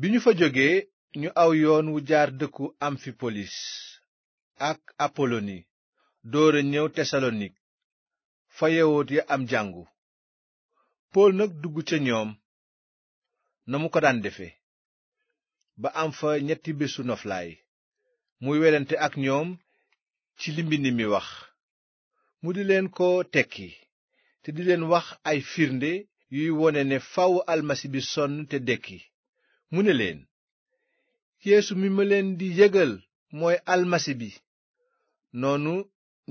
bi ñu fa jógee ñu aw yoon wu jaar dëkku amfipolis ak apoloni dóora ñëw tesalonik fa yawut ya am jàngu pool nag dugg ca ñoom na mu ko daan defe ba am fa ñetti bésu noflaay muy werante ak ñoom ci li mbind mi wax mu di leen ko tekki te di leen wax ay firnde yuy wone ne faw almasi bi sonn te dekki mu ne leen yeesu mi ma leen di yëgal mooy almasi bi noonu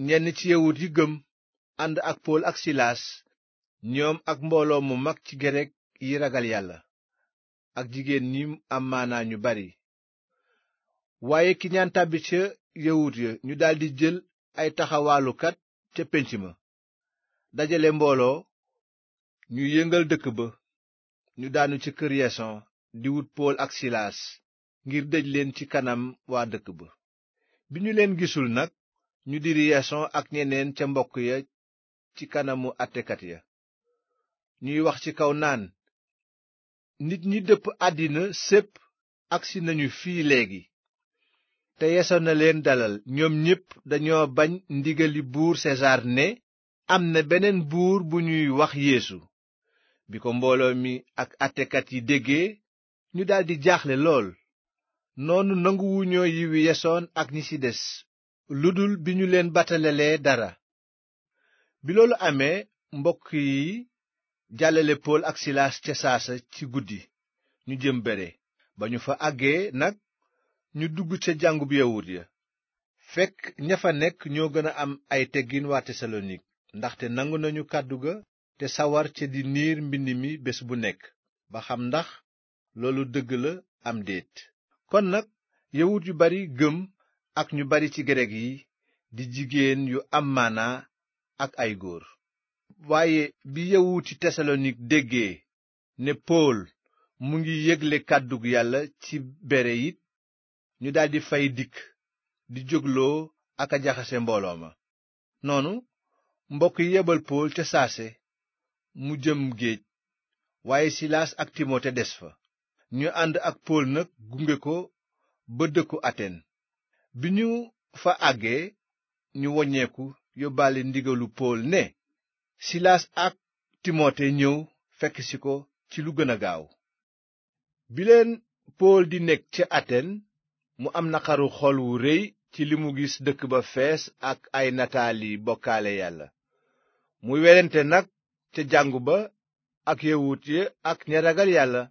ñenn ci yawut yi gëm ànd ak pool ak silaas ñoom ak mbooloo mu mag ci gereg yi ragal yàlla ak jigéen ñi am maanaa ñu bari waaye ki ñaan ca yawut ya ñu daldi jël ay taxawaalukat ca pénc ma dajale mbooloo ñu yëngal dëkk ba ñu daanu ci kër yeson di wut pool ak silaas ngir dëj leen ci kanam waa dëkk ba bi ñu leen gisul nag ñu diri yason ak ñeneen ca mbokk ya ci kanamu atekat ya ñuy wax ci kaw naan nit ñi dëpp àddina sépp agsi nañu fii léegi te yason na leen dalal ñoom ñépp dañoo bañ ndigali buur sesaar ne am na beneen buur bu ñuy wax yéesu bi ko mbooloo mi ak atekat yi déggee ñu daldi jaaxle lool noonu nanguwuñoo yiwu yasoon ak ñi ci des ludul bi ñu leen batalalee dara bi loolu amee mbokk yi jàllale pool ak silaas ca saasa ci guddi ñu jëm bere ba ñu fa àggee nag ñu dugg ca jàngub yawut ya fekk ña fa nekk ñoo gën a am ay teggin waa tesalonik ndaxte nangu nañu kàddu ga te sawar ca di niir mbind mi bés bu nekk ba xam ndax loolu dëgg la am déet kon nag yawut yu bari gëm ak ñu bari ci grek yi di jigéen yu am maanaa ak ay góor waaye bi yawuti tesalonik déggee ne pool mu ngi yégle kàddu yàlla ci bere it ñu daldi fay dikk di jógloo aka jaxase mbooloo ma noonu mbokk yi yebal pool ca saase mu jëm géej waaye silaas ak timote des fa ñu ànd ak pool nag gunge ko ba dëkku aten bi ñu fa àggee ñu woññeeku yóbbaale ndigalu pool ne silaas ak timote ñëw fekk si ko ci lu gën a gaaw bi leen pool di nekk ca aten mu am na xaru xol wu rëy ci li mu gis dëkk ba fees ak ay nataali bokkaale yàlla muy werante nag ca jàngu ba ak yawut ya ak ña ragal yàlla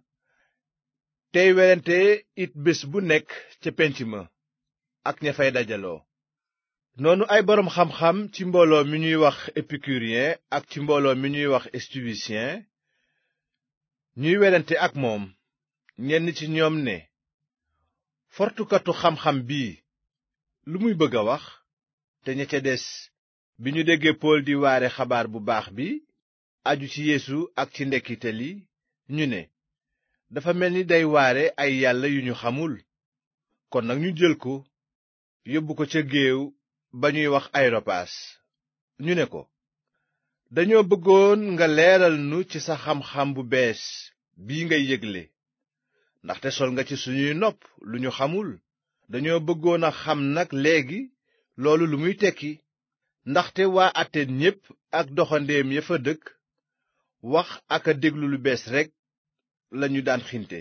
tey werante it bés bu nekk ca pénc ma ak ña fay dajaloo noonu ay boroom xam-xam ci mbooloo mi ñuy wax épicurien ak ci mbooloo mi ñuy wax stoïcien ñuy werante ak moom ñenn ci ñoom ne fortukatu xam-xam bii lu muy bëgg a wax te ña ca des bi ñu déggee pool di waare xabaar bu baax bi aju ci yéesu ak ci ndekkite li ñu ne dafa mel ni day waare ay yàlla yu ñu xamul kon nag ñu jël ko yóbbu ko ca géew ba ñuy wax ayropaas ñu ne ko dañoo bëggoon nga leeral nu ci sa xam-xam bu bees bi ngay yégle ndaxte sol nga ci suñuy nopp lu ñu xamul dañoo bëggoon a xam nag léegi loolu lu muy tekki ndaxte waa Aten ñépp ak doxandeem ya fa dëkk wax ak déglu lu bees rekk lañu daan xinte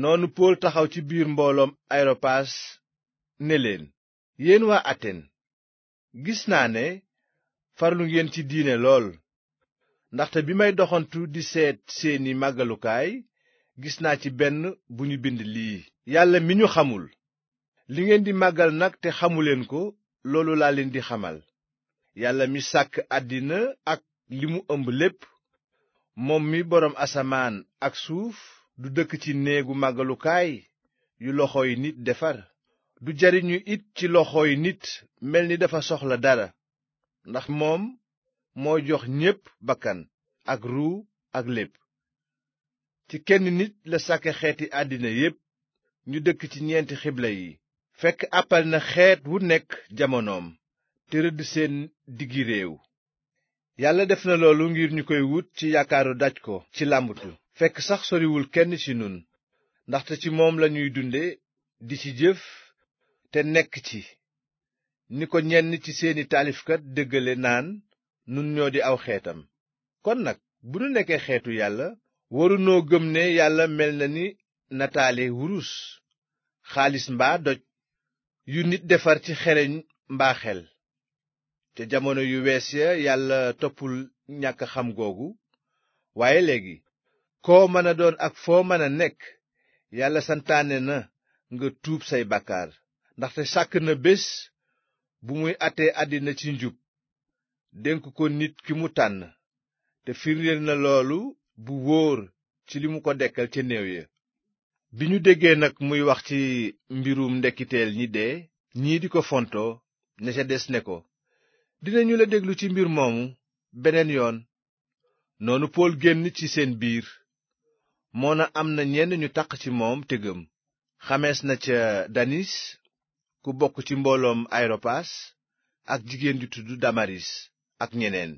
noonu pool taxaw ci biir mbooloom areopaas ne leen yéen waa aten gis naa ne farlu ngeen ci diine lool ndaxte bi may doxantu di seet seeni màggalukaay gis naa ci benn bu ñu bind lii yàlla mi ñu xamul li ngeen di màggal nag te xamu leen ko loolu laa leen di xamal yàlla mi sàkk àddina ak li mu ëmb lépp moom mi boroom asamaan ak suuf du dëkk ci néegu màggalukaay yu loxooy nit defar du jariñu it ci loxooy nit mel ni dafa soxla dara ndax moom mooy jox ñépp bakkan ak ruu ak lépp ci kenn nit la sàkke xeeti àddina yépp ñu dëkk ci ñeenti xibla yi fekk àppal na xeet wu nekk jamonoom te rëdd seen diggi réew yàlla def na loolu ngir ñu koy wut ci yaakaaru daj ko ci làmbatu fekk sax soriwul kenn ci nun ndaxte ci moom lañuy dunde di ci jëf te nekk ci ni ko ñenn ci seeni taalifkat dëggale naan nun ñoo di aw xeetam kon nag bu nu nekkee xeetu yàlla warunoo gëm ne yàlla mel na ni nataale wurus xaalis mbaa doj yu nit defar ci xereñ mbaa xel te jamono yu wees ya yàlla toppul ñàkk xam googu waaye léegi koo mën a doon ak foo mën a nekk yàlla santaane na nga tuub say bàkkaar ndaxte sàkk na bés bu muy àttee àddina ci njub dénk ko nit ki mu tànn te firndeel na loolu bu wóor ci li mu ko dekkal ca néew ya bi ñu déggee nag muy wax ci mbirum ndekkiteel ñi dee ñii di ko fontoo ña ca des ne ko dinañu la déglu ci mbir moomu beneen yoon noonu pool génn ci seen biir moona am na ñenn ñu taq ci moom te xamees na ca danis ku bokk ci mbooloom areopaas ak jigéen ju tudd damaris ak ñeneen